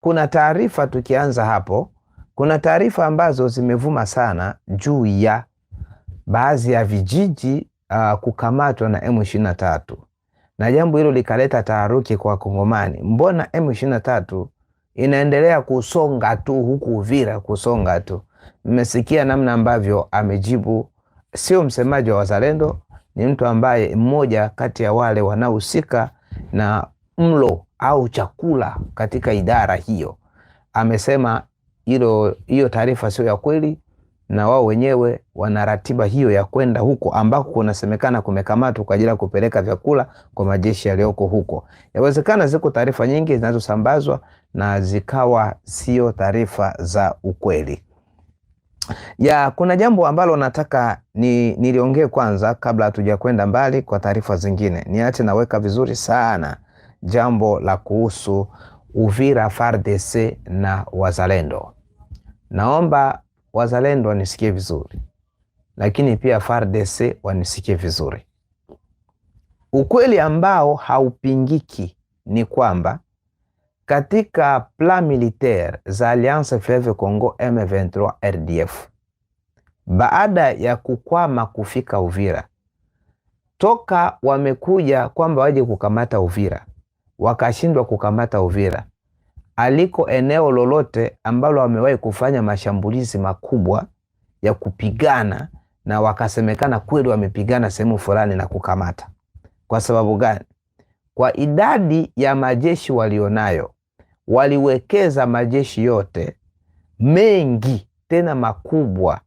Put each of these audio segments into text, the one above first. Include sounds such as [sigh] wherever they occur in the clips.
kuna taarifa, tukianza hapo, kuna taarifa ambazo zimevuma sana juu ya baadhi ya vijiji uh, kukamatwa na M23 na jambo hilo likaleta taharuki kwa Kongomani. Mbona M23 inaendelea kusonga tu huku Uvira, kusonga tu? Mmesikia namna ambavyo amejibu, sio msemaji wa Wazalendo, ni mtu ambaye mmoja kati ya wale wanaohusika na mlo au chakula katika idara hiyo. Amesema hilo hiyo taarifa sio ya kweli, na wao wenyewe wana ratiba hiyo ya kwenda huko ambako kunasemekana kumekamatwa kwa ajili ya kupeleka vyakula kwa majeshi yaliyoko huko. Yawezekana ziko taarifa nyingi zinazosambazwa na zikawa sio taarifa za ukweli. Ya, kuna jambo ambalo nataka ni, niliongee kwanza kabla hatuja kwenda mbali kwa taarifa zingine. Niache naweka vizuri sana jambo la kuhusu Uvira FARDC na wazalendo. Naomba wazalendo wanisikie vizuri, lakini pia FARDC wanisikie vizuri. Ukweli ambao haupingiki ni kwamba katika plan militaire za Alliance Fleuve Congo M23 RDF, baada ya kukwama kufika Uvira, toka wamekuja kwamba waje kukamata Uvira wakashindwa kukamata Uvira aliko eneo lolote ambalo wamewahi kufanya mashambulizi makubwa ya kupigana na wakasemekana kweli wamepigana sehemu fulani na kukamata. Kwa sababu gani? Kwa idadi ya majeshi walionayo, waliwekeza majeshi yote mengi tena makubwa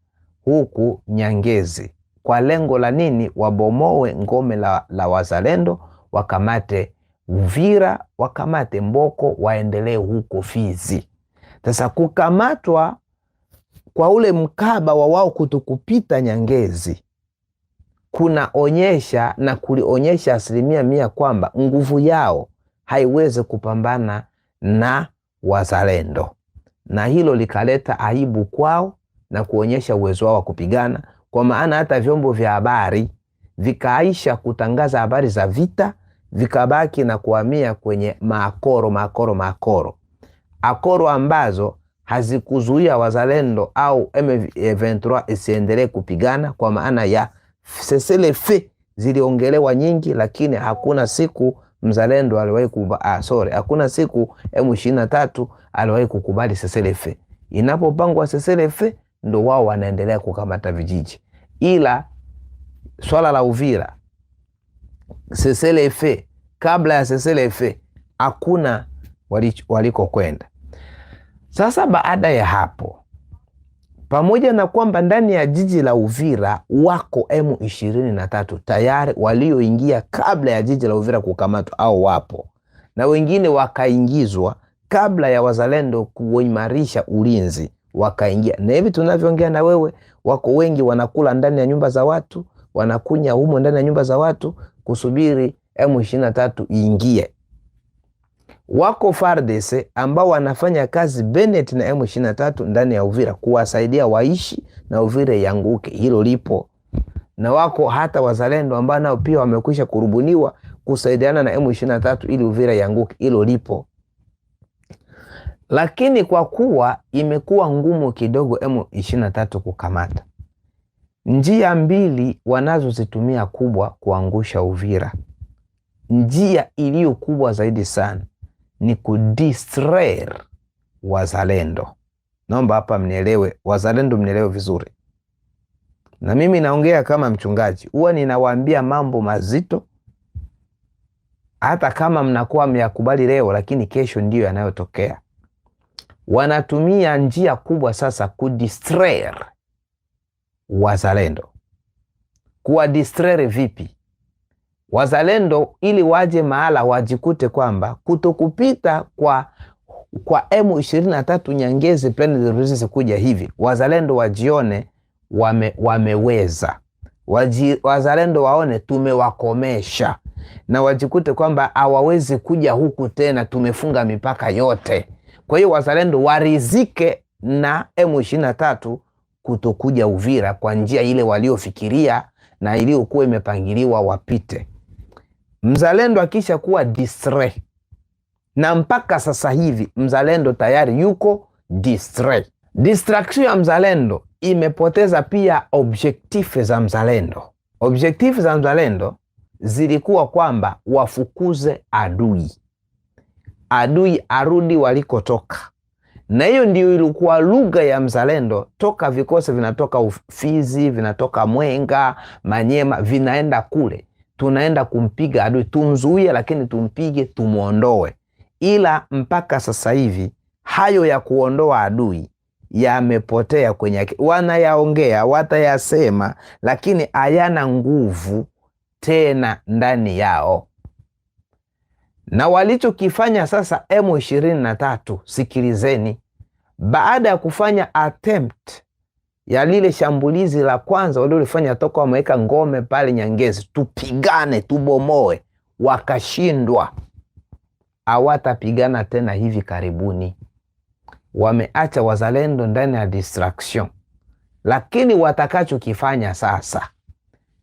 huku Nyangezi kwa lengo la nini? Wabomoe ngome la, la wazalendo wakamate Uvira, wakamate Mboko, waendelee huko Fizi. Sasa kukamatwa kwa ule mkaba wa wao kutokupita Nyangezi kunaonyesha na kulionyesha asilimia mia kwamba nguvu yao haiwezi kupambana na wazalendo, na hilo likaleta aibu kwao na kuonyesha uwezo wao wa kupigana, kwa maana hata vyombo vya habari vikaisha kutangaza habari za vita vikabaki na kuhamia kwenye maakoro maakoro maakoro akoro ambazo hazikuzuia wazalendo au M23 isiendelee kupigana, kwa maana ya sesele fe ziliongelewa nyingi, lakini hakuna siku mzalendo aliwahi kuba, ah, sorry, hakuna siku M23 aliwahi kukubali sesele fe. Inapopangwa sesele fe, ndo wao wanaendelea kukamata vijiji, ila swala la Uvira le Seselefe, kabla ya le Seselefe hakuna walikokwenda. Sasa baada ya hapo, pamoja na kwamba ndani ya jiji la Uvira wako M23 tayari walioingia kabla ya jiji la Uvira kukamatwa au wapo na wengine wakaingizwa kabla ya wazalendo kuimarisha ulinzi wakaingia, na hivi tunavyoongea na wewe, wako wengi wanakula ndani ya nyumba za watu, wanakunya humo ndani ya nyumba za watu, kusubiri M23 na iingie. Wako FARDC ambao wanafanya kazi Bennett na M23 ndani ya Uvira kuwasaidia waishi na Uvira yanguke, hilo lipo na wako hata wazalendo ambao nao pia wamekwisha kurubuniwa kusaidiana na M23 ili Uvira yanguke, hilo lipo. Lakini kwa kuwa imekuwa ngumu kidogo M23 kukamata, Njia mbili wanazozitumia kubwa kuangusha Uvira. Njia iliyo kubwa zaidi sana ni kudistraer wazalendo. Naomba hapa mnielewe, wazalendo mnielewe vizuri, na mimi naongea kama mchungaji, huwa ninawaambia mambo mazito, hata kama mnakuwa myakubali leo, lakini kesho ndiyo yanayotokea. Wanatumia njia kubwa sasa kudistraer wazalendo. distrere vipi wazalendo ili waje mahala wajikute kwamba kutokupita kwa kwa M23 Nyangezi plan Resistance kuja hivi, wazalendo wajione wame, wameweza Waji, wazalendo waone tumewakomesha, na wajikute kwamba hawawezi kuja huku tena, tumefunga mipaka yote. Kwa hiyo wazalendo warizike na M23 kutokuja Uvira kwa njia ile waliofikiria na iliyokuwa imepangiliwa wapite. Mzalendo akisha kuwa distre, na mpaka sasa hivi mzalendo tayari yuko distre. Distraction ya mzalendo imepoteza pia objektife za mzalendo. Objektife za mzalendo zilikuwa kwamba wafukuze adui, adui arudi walikotoka na hiyo ndio ilikuwa lugha ya mzalendo toka vikosi vinatoka Ufizi, vinatoka Mwenga, Manyema, vinaenda kule, tunaenda kumpiga adui, tumzuie, lakini tumpige, tumwondoe. Ila mpaka sasa hivi hayo ya kuondoa adui yamepotea kwenye, wanayaongea watayasema, lakini hayana nguvu tena ndani yao na walichokifanya sasa, M ishirini na tatu, sikilizeni, baada ya kufanya attempt ya lile shambulizi la kwanza waliolifanya toka wameweka ngome pale Nyangezi, tupigane tubomoe, wakashindwa. Hawatapigana tena hivi karibuni, wameacha wazalendo ndani ya distraction. Lakini watakachokifanya sasa,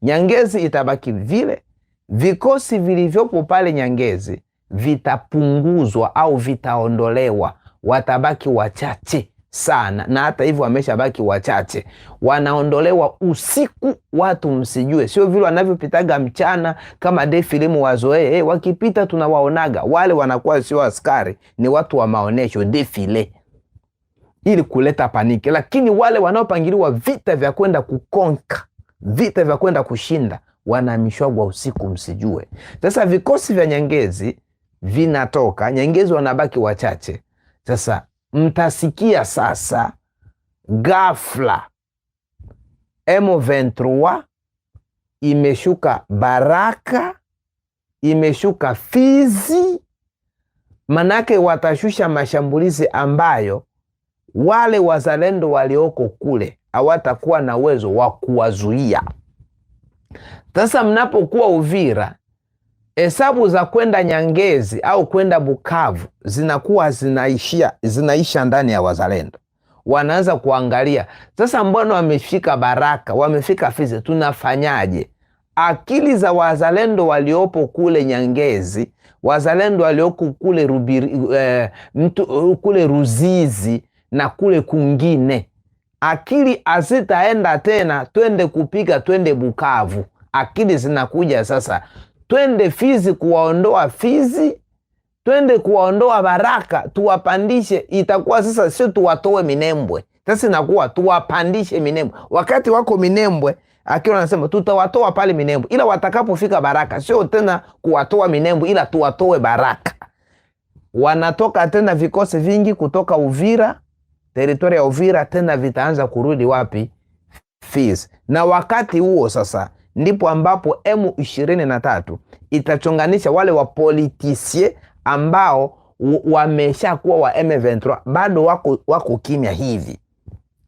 Nyangezi itabaki vile, vikosi vilivyopo pale Nyangezi vitapunguzwa au vitaondolewa watabaki wachache sana, na hata hivyo wameshabaki wachache, wanaondolewa usiku, watu msijue, sio vile wanavyopitaga mchana kama de filimu wazoee. Hey, eh, wakipita tunawaonaga wale, wanakuwa sio askari, ni watu wa maonesho defile ili kuleta paniki, lakini wale wanaopangiliwa vita vya kwenda kukonka, vita vya kwenda kushinda, wanamishwagwa usiku msijue. Sasa vikosi vya Nyangezi vinatoka Nyangezi, wanabaki wachache sasa mtasikia sasa ghafla M23 imeshuka Baraka, imeshuka Fizi, manake watashusha mashambulizi ambayo wale wazalendo walioko kule hawatakuwa na uwezo wa kuwazuia. Sasa mnapokuwa Uvira hesabu za kwenda Nyangezi au kwenda Bukavu zinakuwa zinaishia zinaisha ndani ya wazalendo. Wanaanza kuangalia sasa, mbona wamefika Baraka, wamefika Fizi, tunafanyaje? Akili za wazalendo waliopo kule Nyangezi, wazalendo walioko kule Rubiri, eh, mtu, kule Ruzizi na kule kungine, akili hazitaenda tena, twende kupiga, twende Bukavu. Akili zinakuja sasa twende Fizi kuwaondoa Fizi, twende kuwaondoa Baraka tuwapandishe. Itakuwa sasa sio tuwatoe Minembwe, sasa inakuwa tuwapandishe Minembwe. Wakati wako Minembwe akiwa anasema tutawatoa pale Minembwe, ila watakapofika Baraka sio tena kuwatoa Minembwe, ila tuwatoe Baraka. Wanatoka tena vikosi vingi kutoka Uvira, teritoria ya Uvira, tena vitaanza kurudi wapi? Fizi. Na wakati huo sasa ndipo ambapo M23 itachonganisha wale wapolitisie ambao wamesha kuwa wa M23 bado wako, wako kimya hivi.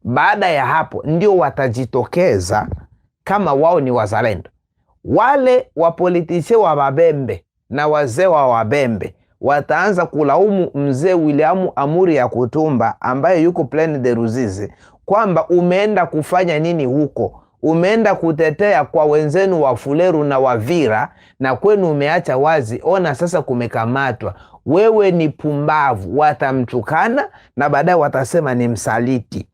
Baada ya hapo ndio watajitokeza kama wao ni wazalendo. Wale wapolitisie wa Babembe na wazee wa Wabembe wataanza kulaumu mzee William Amuri ya Kutumba ambaye yuko plan de Ruzizi kwamba umeenda kufanya nini huko umeenda kutetea kwa wenzenu wa Fuleru na Wavira na kwenu umeacha wazi. Ona sasa kumekamatwa, wewe ni pumbavu. Watamtukana na baadaye watasema ni msaliti.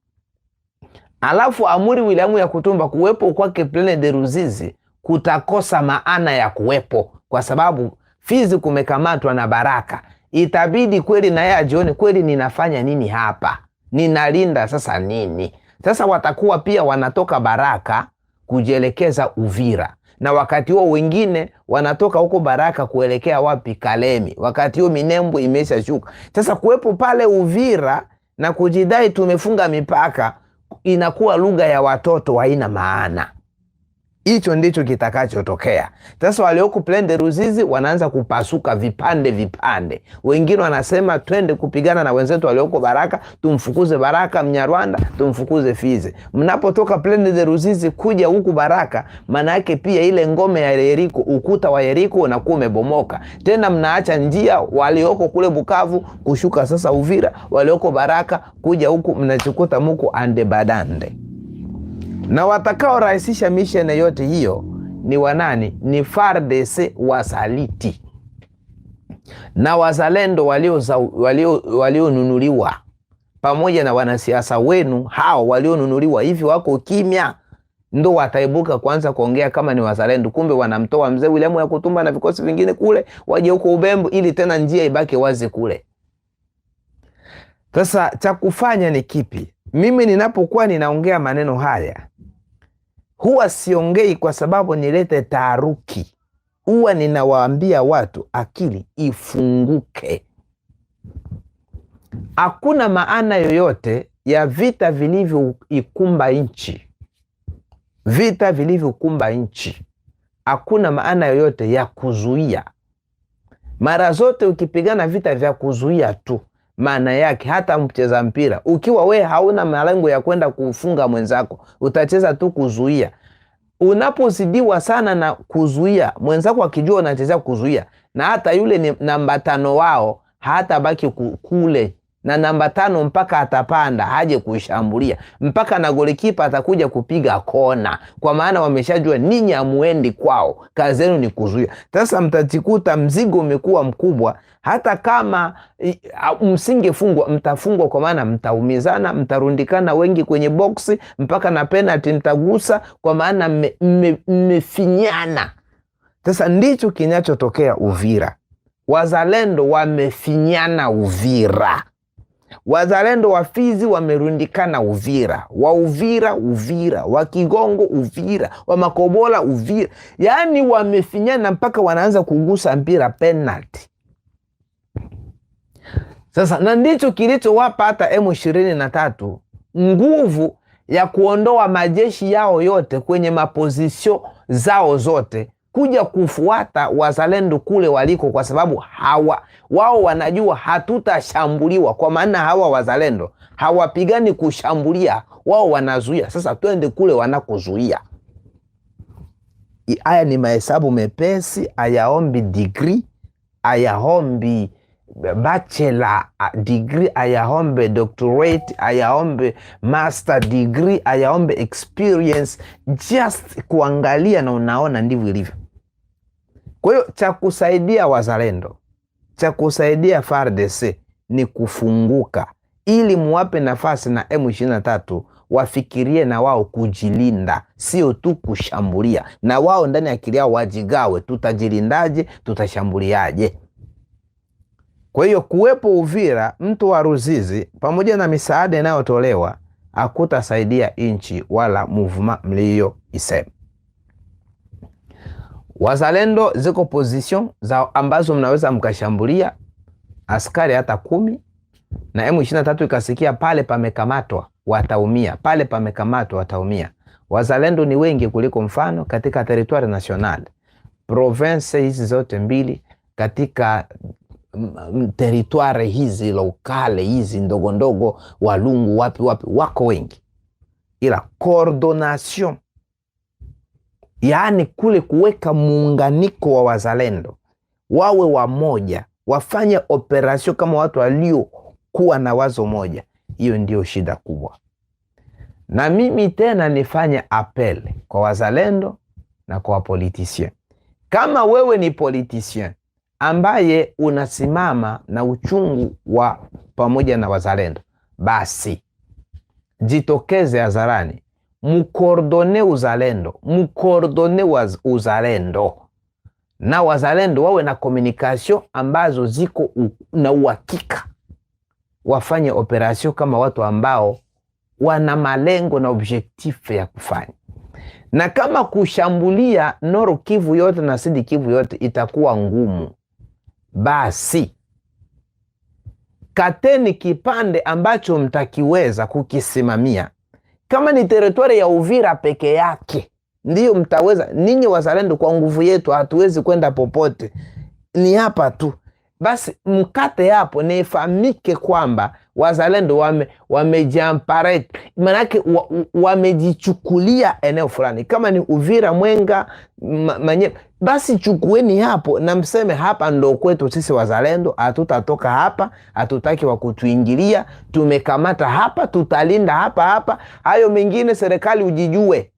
Alafu amuri wiliamu ya Kutumba kuwepo kwake Plenede Ruzizi kutakosa maana ya kuwepo, kwa sababu Fizi kumekamatwa na Baraka, itabidi kweli naye ajione kweli, ninafanya nini hapa, ninalinda sasa nini? Sasa watakuwa pia wanatoka Baraka kujielekeza Uvira, na wakati huo wengine wanatoka huko Baraka kuelekea wapi? Kalemi. Wakati huo Minembwe imesha shuka. Sasa kuwepo pale Uvira na kujidai tumefunga mipaka, inakuwa lugha ya watoto haina maana. Hicho ndicho kitakachotokea. Sasa walioku plende Ruzizi wanaanza kupasuka vipande vipande, wengine wanasema twende kupigana na wenzetu walioko Baraka, tumfukuze Baraka Mnyarwanda, tumfukuze Fize. Mnapotoka plende de Ruzizi kuja huku Baraka, maana yake pia ile ngome ya Yeriko, ukuta wa Yeriko unakuwa umebomoka tena, mnaacha njia walioko kule Bukavu kushuka sasa Uvira, walioko Baraka kuja huku, mnachukuta muku andebadande na watakaorahisisha misheni yote hiyo ni wanani? Ni FARDC wasaliti na wazalendo walionunuliwa, walio pamoja na wanasiasa wenu hao walionunuliwa. Hivi wako kimya, ndo wataibuka kwanza kuongea kama ni wazalendo, kumbe wanamtoa mzee William ya kutumba na vikosi vingine kule, waje huko Ubembo, ili tena njia ibaki wazi kule. Sasa cha kufanya ni kipi? Mimi ninapokuwa ninaongea maneno haya Huwa siongei kwa sababu nilete taharuki huwa ninawaambia watu akili ifunguke. Hakuna maana yoyote ya vita vilivyoikumba nchi, vita vilivyokumba nchi, hakuna maana yoyote ya kuzuia. Mara zote ukipigana vita vya kuzuia tu maana yake hata mcheza mpira ukiwa we hauna malengo ya kwenda kufunga mwenzako, utacheza tu kuzuia. Unapozidiwa sana na kuzuia, mwenzako akijua unacheza kuzuia, na hata yule ni namba tano wao hata baki kule na namba tano mpaka atapanda haje kushambulia mpaka na golikipa atakuja kupiga kona, kwa maana wameshajua ninyi hamuendi kwao, kazi yenu ni kuzuia. Sasa mtajikuta mzigo umekuwa mkubwa, hata kama msingefungwa mtafungwa, kwa maana mtaumizana, mtarundikana wengi kwenye boksi, mpaka na penalti mtagusa, kwa maana mmefinyana. Sasa ndicho kinachotokea Uvira, wazalendo wamefinyana Uvira. Wazalendo wa Fizi wamerundikana Uvira, wa Uvira Uvira, wa Kigongo Uvira, wa Makobola Uvira, yaani wamefinyana mpaka wanaanza kugusa mpira penalti. Sasa na ndicho kilichowapa hata M ishirini na tatu nguvu ya kuondoa majeshi yao yote kwenye mapozisio zao zote kuja kufuata wazalendo kule waliko, kwa sababu hawa wao wanajua hatutashambuliwa, kwa maana hawa wazalendo hawapigani kushambulia, wao wanazuia. Sasa twende kule wanakozuia. Haya ni mahesabu mepesi, ayaombi degree, ayaombi bachelor degree ayaombe doctorate ayaombe master degree ayaombe experience just kuangalia, na unaona ndivyo ilivyo. Kwa hiyo cha kusaidia wazalendo, cha kusaidia FARDC ni kufunguka, ili muwape nafasi na M23 wafikirie na wao kujilinda, sio tu kushambulia. Na wao ndani ya akili yao wajigawe, tutajilindaje, tutashambuliaje? Kwa hiyo kuwepo Uvira mtu wa Ruzizi pamoja na misaada inayotolewa akutasaidia nchi wala muvuma mliyo isema. Wazalendo ziko position za ambazo mnaweza mkashambulia askari hata kumi na M23 ikasikia pale pamekamatwa wataumia, pale pamekamatwa wataumia. Wazalendo ni wengi kuliko mfano katika territoire national province hizi zote mbili katika teritware hizi lokale hizi ndogo ndogo, Walungu wapi wapi, wako wengi, ila coordination, yaani kule kuweka muunganiko wa wazalendo wawe wamoja, wafanye operasio kama watu waliokuwa na wazo moja. Hiyo ndio shida kubwa, na mimi tena nifanye apel kwa wazalendo na kwa wapolitisien. Kama wewe ni politisien ambaye unasimama na uchungu wa pamoja na wazalendo, basi jitokeze hadharani, mukordone uzalendo, mukordone uzalendo na wazalendo wawe na komunikasio ambazo ziko u, na uhakika, wafanye operasio kama watu ambao wana malengo na objektifu ya kufanya. Na kama kushambulia Noro Kivu yote na Sidi Kivu yote itakuwa ngumu, basi kateni kipande ambacho mtakiweza kukisimamia. Kama ni teritori ya Uvira peke yake ndiyo mtaweza ninyi wazalendo, kwa nguvu yetu hatuwezi kwenda popote, ni hapa tu basi mkate hapo naifahamike kwamba wazalendo wame, wamejiampare maanake wamejichukulia wa eneo fulani, kama ni Uvira, Mwenga, manye basi chukueni hapo na mseme hapa ndo kwetu sisi wazalendo, hatutatoka hapa, hatutaki wa kutuingilia tumekamata hapa, tutalinda hapa hapa. Hayo mengine serikali ujijue,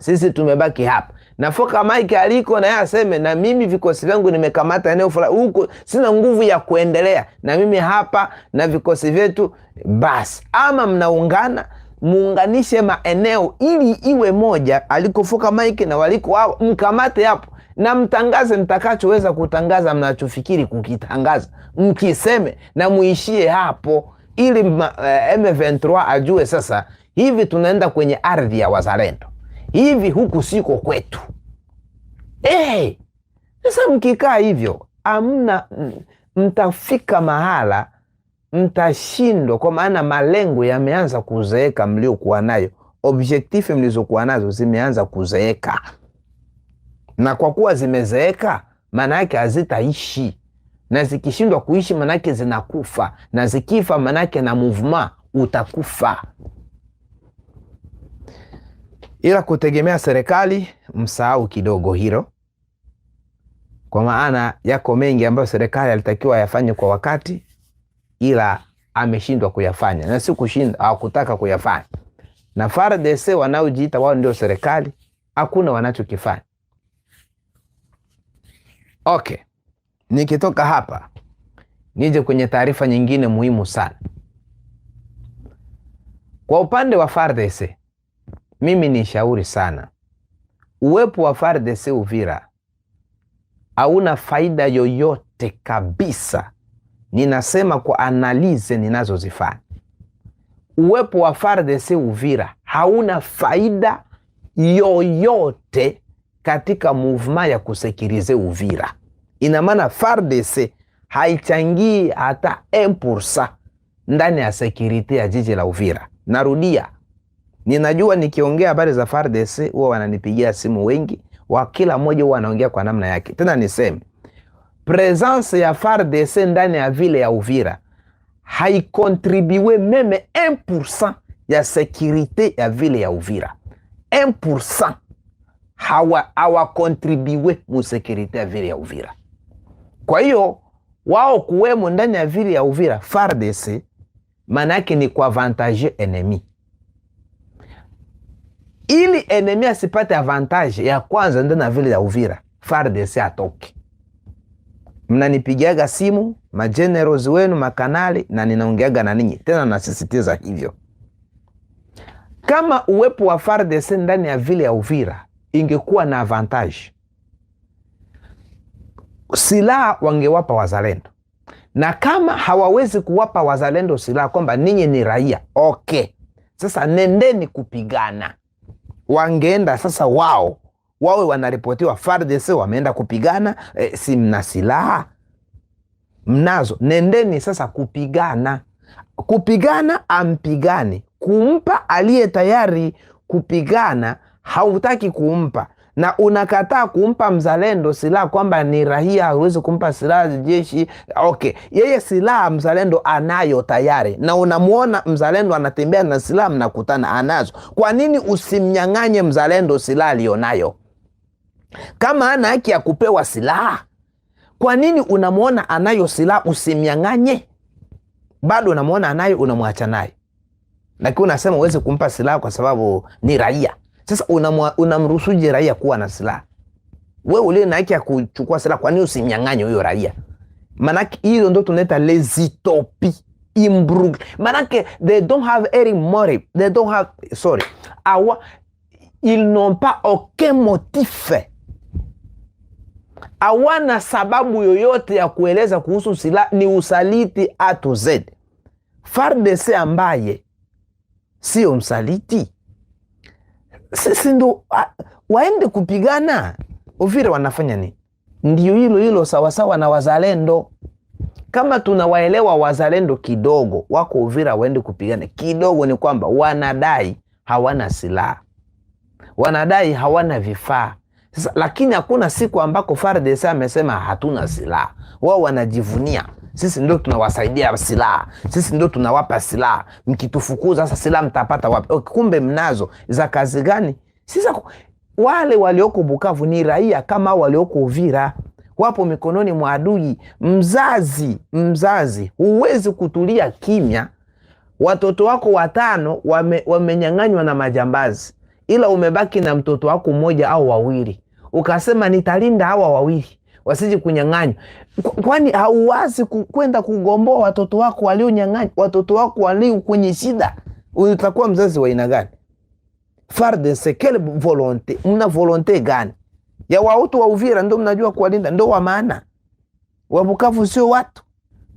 sisi tumebaki hapa na Foka Mike aliko naye aseme, na mimi vikosi vyangu nimekamata eneo fulani huko, sina nguvu ya kuendelea na mimi hapa na vikosi vyetu. Basi ama mnaungana muunganishe maeneo ili iwe moja, alikofoka Mike na waliko hao, mkamate hapo na mtangaze mtakachoweza kutangaza, mnachofikiri kukitangaza mkiseme, na muishie hapo, ili M23 eh, ajue sasa hivi tunaenda kwenye ardhi ya wazalendo hivi huku siko kwetu. Hey, sasa mkikaa hivyo amna, mtafika mahala mtashindwa, kwa maana malengo yameanza kuzeeka mliokuwa nayo, objektifu mlizokuwa nazo zimeanza kuzeeka, na kwa kuwa zimezeeka, maana yake hazitaishi, na zikishindwa kuishi, maana yake zinakufa, na zikifa, maana yake na movement utakufa ila kutegemea serikali msahau kidogo hilo, kwa maana yako mengi ambayo serikali alitakiwa yafanye kwa wakati, ila ameshindwa kuyafanya, na si kushinda au kutaka kuyafanya. Na FARDC wanaojiita wao ndio serikali, hakuna wanachokifanya. Okay, nikitoka hapa nije kwenye taarifa nyingine muhimu sana kwa upande wa FARDC mimi ni shauri sana, uwepo wa FARDC Uvira hauna faida yoyote kabisa. Ninasema kwa analize ninazozifanya, uwepo wa FARDC Uvira hauna faida yoyote katika muvema ya kusekirize Uvira. Ina maana FARDC haichangii hata 1% ndani ya sekirite ya jiji la Uvira. Narudia, Ninajua nikiongea habari za FARDC huwa wananipigia simu wengi, wa kila mmoja huwa anaongea kwa namna yake. Tena niseme presence ya FARDC ndani ya vile ya Uvira haikontribue meme 1% ya sekurite ya vile ya Uvira 1% hawa hawakontribiwe musekurite ya vile ya Uvira. Kwa hiyo wao kuwemo ndani ya vile ya Uvira FARDC maana yake ni kuavantage enemy ili enemi asipate avantage ya kwanza, ndo na vile ya Uvira FARDC atoke. Mnanipigiaga simu majenerals wenu makanali, na ninaongeaga na ninyi tena, nasisitiza hivyo. Kama uwepo wa FARDC ndani ya vile ya Uvira ingekuwa na avantage, silaha wangewapa wazalendo, na kama hawawezi kuwapa wazalendo silaha kwamba ninyi ni raia, okay, sasa nendeni kupigana wangeenda sasa wao wawe wanaripotiwa FARDC wameenda kupigana. E, si mna silaha mnazo, nendeni sasa kupigana. Kupigana ampigane, kumpa aliye tayari kupigana, hautaki kumpa na unakataa kumpa mzalendo silaha kwamba ni rahia, hawezi kumpa silaha jeshi. Okay, yeye silaha mzalendo anayo tayari, na unamwona mzalendo anatembea na silaha, mnakutana anazo. Kwa nini usimnyang'anye mzalendo silaha aliyonayo? Kama ana haki ya kupewa silaha, kwa nini unamwona anayo silaha usimnyang'anye? Bado unamwona anayo, unamwacha naye, lakini unasema uweze kumpa silaha kwa sababu ni raia. Sasa unamruhusuje raia kuwa na silaha? Wewe ulio na haki ya kuchukua silaha, kwa nini usimnyang'anye huyo raia? Manake hilo ndo tunaita lezitopi imbrug. Manake they don't have any motive. They don't have sorry. Awa ils n'ont pas aucun motif. Hawana sababu yoyote ya kueleza kuhusu silaha, ni usaliti. to z FARDC ambaye sio msaliti sisi ndo ah, waende kupigana. Uvira wanafanya nini? Ndio hilo hilo, sawasawa na wazalendo. Kama tunawaelewa wazalendo kidogo, wako Uvira waende kupigana kidogo, ni kwamba wanadai hawana silaha, wanadai hawana vifaa sasa, lakini hakuna siku ambako FARDC amesema hatuna silaha. Wao wanajivunia sisi ndio tunawasaidia silaha, sisi ndio tunawapa silaha. Mkitufukuza sasa, silaha mtapata wapi? Okay, kumbe mnazo za kazi gani? Sisa wale walioko Bukavu ni raia kama walioko Uvira, wapo mikononi mwa adui. Mzazi, mzazi, huwezi kutulia kimya. Watoto wako watano wame, wamenyang'anywa na majambazi, ila umebaki na mtoto wako mmoja au wawili, ukasema nitalinda hawa wawili wasije kunyang'anywa. Kwani hauwazi kwenda kugomboa watoto wako walionyang'anywa, watoto wako walio kwenye shida? Utakuwa mzazi wa aina gani? Farde sekele volonte, mna volonte gani ya watu wa Uvira? Ndo mnajua kuwalinda, ndo wa maana wa Bukavu sio watu.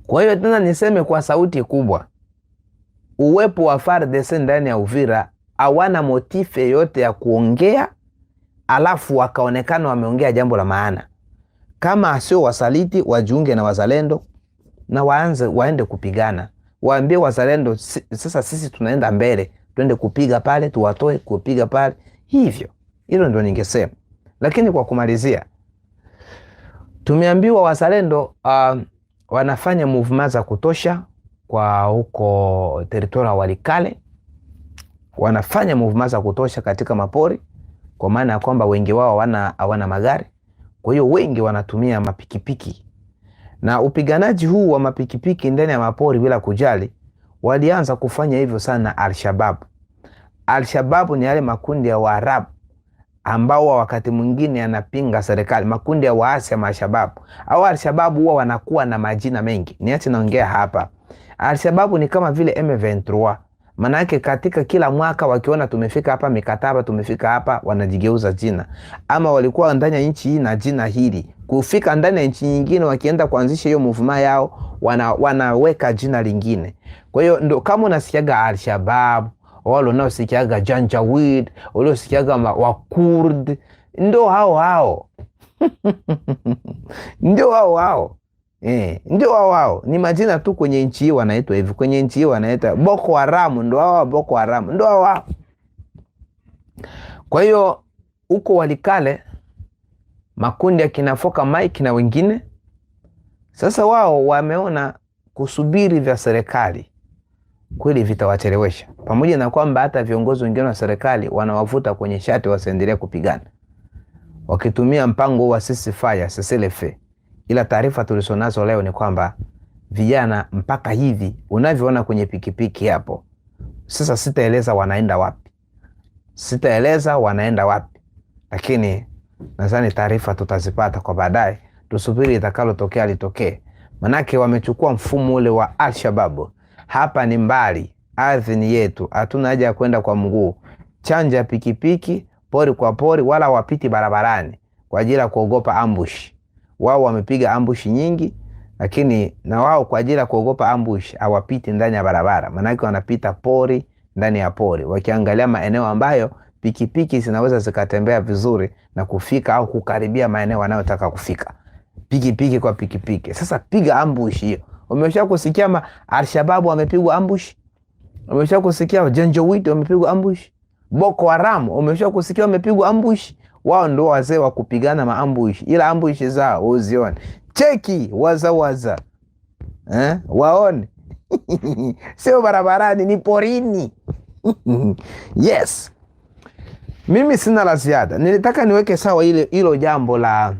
Kwa hiyo tena niseme kwa sauti kubwa, uwepo wa FARDC ndani ya Uvira hawana motife yote ya kuongea alafu wakaonekana wameongea jambo la maana. Kama sio wasaliti, wajiunge na wazalendo na waanze waende kupigana, waambie wazalendo si, sasa sisi tunaenda mbele, tuende kupiga pale, tuwatoe kupiga pale hivyo. Hilo ndio ningesema, lakini kwa kumalizia, tumeambiwa wazalendo uh, wanafanya movement za kutosha kwa huko ya Walikale, wanafanya movement za kutosha katika mapori, kwa maana ya kwamba wengi wao hawana magari kwa hiyo wengi wanatumia mapikipiki, na upiganaji huu wa mapikipiki ndani ya mapori bila kujali, walianza kufanya hivyo sana Alshabab. Alshabab. Alshababu ni yale makundi ya Waarabu ambao wakati mwingine yanapinga serikali, makundi ya waasi ya Alshababu au Alshababu huwa wanakuwa na majina mengi. Niache naongea hapa. Alshababu ni kama vile M23 Manake katika kila mwaka wakiona tumefika hapa, mikataba tumefika hapa, wanajigeuza jina, ama walikuwa ndani ya nchi hii na jina hili, kufika ndani ya nchi nyingine, wakienda kuanzisha hiyo muvuma yao, wana, wanaweka jina lingine. Kwa hiyo ndo kama unasikiaga Alshabab, wale unaosikiaga Janjawid, uliosikiaga Wakurd, ndo hao hao [laughs] ndio hao hao Eh, ndio wao wao. Ni majina tu kwenye nchi hii wanaitwa hivi. Kwenye nchi hii wanaita Boko Haram, ndio wao wa Boko Haram, Ndio wao. wao. Kwa hiyo huko Walikale makundi ya kinafoka Mike na wengine sasa wao wameona kusubiri vya serikali kweli vitawachelewesha, pamoja na kwamba hata viongozi wengine wa serikali wanawavuta kwenye shati wasiendelee kupigana, wakitumia mpango wa ceasefire ila taarifa tulizonazo leo ni kwamba vijana mpaka hivi unavyoona kwenye pikipiki hapo sasa, sitaeleza wanaenda wapi, sitaeleza wanaenda wapi, lakini nadhani taarifa tutazipata kwa baadaye. Tusubiri itakalotokea litokee, manake wamechukua mfumo ule wa Alshababu. Hapa ni mbali, ardhi ni yetu, hatuna haja ya kwenda kwa mguu, chanja pikipiki, pori kwa pori, wala wapiti barabarani kwa ajili ya kuogopa ambushi wao wamepiga ambushi nyingi, lakini na wao kwa ajili ya kuogopa ambush hawapiti ndani ya barabara, maanake wanapita pori ndani ya pori, wakiangalia maeneo ambayo pikipiki zinaweza zikatembea vizuri na kufika au kukaribia maeneo wanayotaka kufika. Pikipiki piki kwa pikipiki piki. Sasa piga ambush hiyo. Umesha kusikia ma Alshababu wamepigwa ambush? Umesha kusikia Janjaweed wamepigwa ambush? Boko Haram umesha kusikia wamepigwa ambush? wao ndio wazee wa kupigana maambushi, ila ambushi zao uzione, cheki wazawaza waza. Eh? waone [laughs] sio barabarani, ni porini [laughs] yes, mimi sina la ziada, nilitaka niweke sawa ile hilo jambo la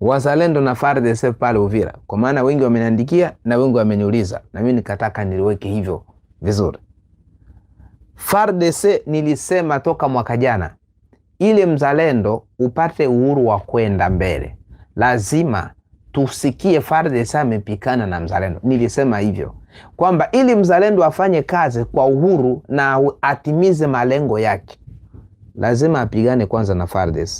wazalendo na FARDC pale Uvira, kwa maana wengi wameniandikia na wengi wameniuliza, na mimi nikataka niliweke hivyo vizuri. FARDC nilisema toka mwaka jana ili mzalendo upate uhuru wa kwenda mbele, lazima tusikie FARDC amepikana na mzalendo. Nilisema hivyo kwamba ili mzalendo afanye kazi kwa uhuru na atimize malengo yake, lazima apigane kwanza na FARDC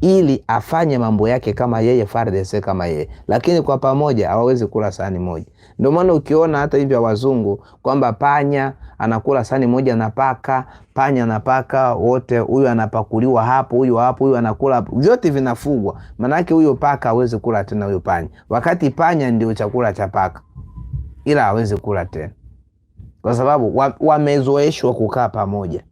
ili afanye mambo yake kama yeye, FARDC kama yeye, lakini kwa pamoja hawawezi kula sahani moja. Ndio maana ukiona hata hivyo wazungu kwamba panya anakula sahani moja na paka, panya na paka wote, huyu anapakuliwa hapo, huyu hapo, huyu anakula, vyote vinafugwa. Maanake huyo paka hawezi kula tena huyo panya, wakati panya ndio chakula cha paka, ila hawezi kula tena kwa sababu wamezoeshwa wa kukaa pamoja.